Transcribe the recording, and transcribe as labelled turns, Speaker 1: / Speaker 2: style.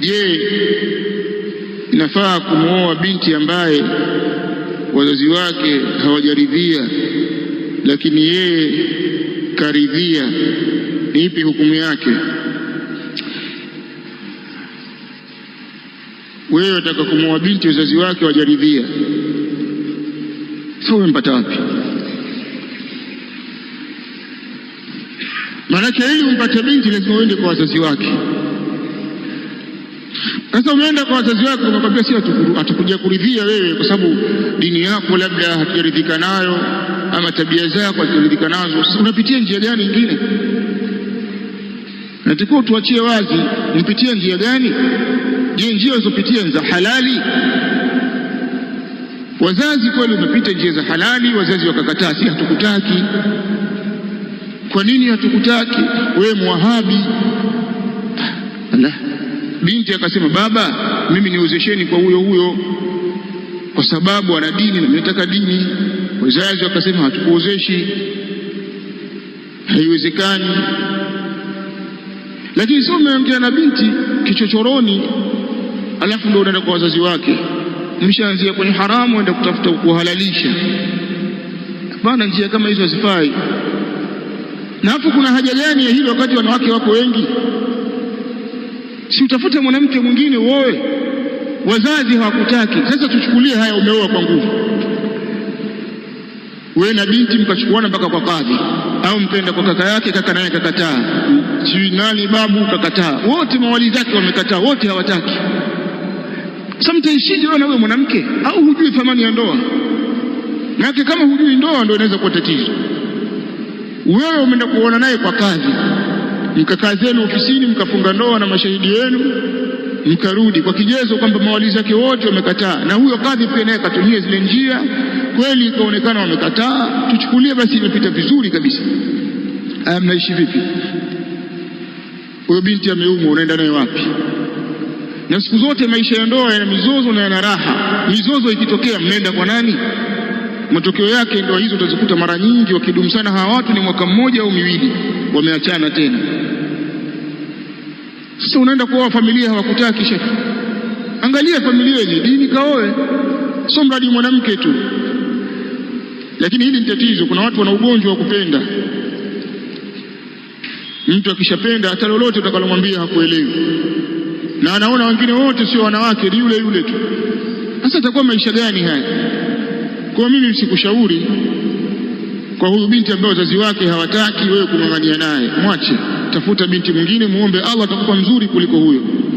Speaker 1: Je, inafaa kumwoa binti ambaye wazazi wake hawajaridhia, lakini yeye karidhia? Ni ipi hukumu yake? Wewe wataka kumwoa binti wazazi wake hawajaridhia, sio? Umempata wapi? Maanake ili umpate binti lazima uende kwa wazazi wake. Sasa umeenda kwa wazazi wako unakwambia, si kuridhia wewe, kwa sababu dini yako labda hatujaridhika nayo, ama tabia zako hatujaridhika nazo. Unapitia njia gani nyingine? Natakiwa tuachie wazi, nipitie njia gani? Je, njia ulizopitia ni za halali? Wazazi kweli, umepita njia za halali, wazazi wakakataa, si hatukutaki. Kwa nini hatukutaki? Wewe muwahabi ah, Allah Binti akasema, baba, mimi niozesheni kwa huyo huyo, kwa sababu ana dini na nataka dini. Wazazi wakasema, hatukuozeshi, haiwezekani. Lakini sio umeongea na binti kichochoroni, alafu ndio unaenda kwa wazazi wake. Mshaanzia kwenye haramu, aenda kutafuta kuhalalisha. Hapana, njia kama hizo hazifai. Na hapo kuna haja gani ya hilo wakati wanawake wako wengi? si utafute mwanamke mwingine uoe, wazazi hawakutaki. Sasa tuchukulie haya, umeoa kwa nguvu, wewe na binti mkachukuana mpaka kwa kadhi, au mkaenda kwa kaka yake, kaka naye kakataa, si nani babu kakataa, wote mawali zake wamekataa, wote hawataki. Sasa mtaishije wewe na wewe mwanamke? Au hujui thamani ya ndoa? Maana kama hujui ndoa, ndio inaweza kuwa tatizo. Wewe umeenda kuona naye kwa kadhi mkakaa zenu ofisini mkafunga ndoa na mashahidi yenu mkarudi kwa kigezo kwamba mawali zake wote wamekataa, na huyo kadhi pia naye akatumia zile njia, kweli ikaonekana wamekataa. Tuchukulie basi imepita vizuri kabisa. Aya, mnaishi vipi? Huyo binti ameumwa, unaenda naye wapi? Na siku zote maisha ya ndoa yana mizozo na yana raha. Mizozo ikitokea mnaenda kwa nani? Matokeo yake ndoa hizo utazikuta mara nyingi wakidumu sana hawa watu ni mwaka mmoja au miwili, wameachana tena. Sasa unaenda kuoa familia hawakutaki shekhi. Angalia familia yenye dini kaoe, sio mradi mwanamke tu. Lakini hili ni tatizo. Kuna watu wana ugonjwa wa kupenda. Mtu akishapenda hata lolote utakalomwambia hakuelewi, na anaona wengine wote sio wanawake, ni yule yule tu. Sasa atakuwa maisha gani haya? Kwa mimi msikushauri kwa huyu binti ambaye wazazi wake hawataki wewe kung'ang'ania naye, mwache, tafuta binti mwingine, muombe Allah atakupa mzuri kuliko huyo.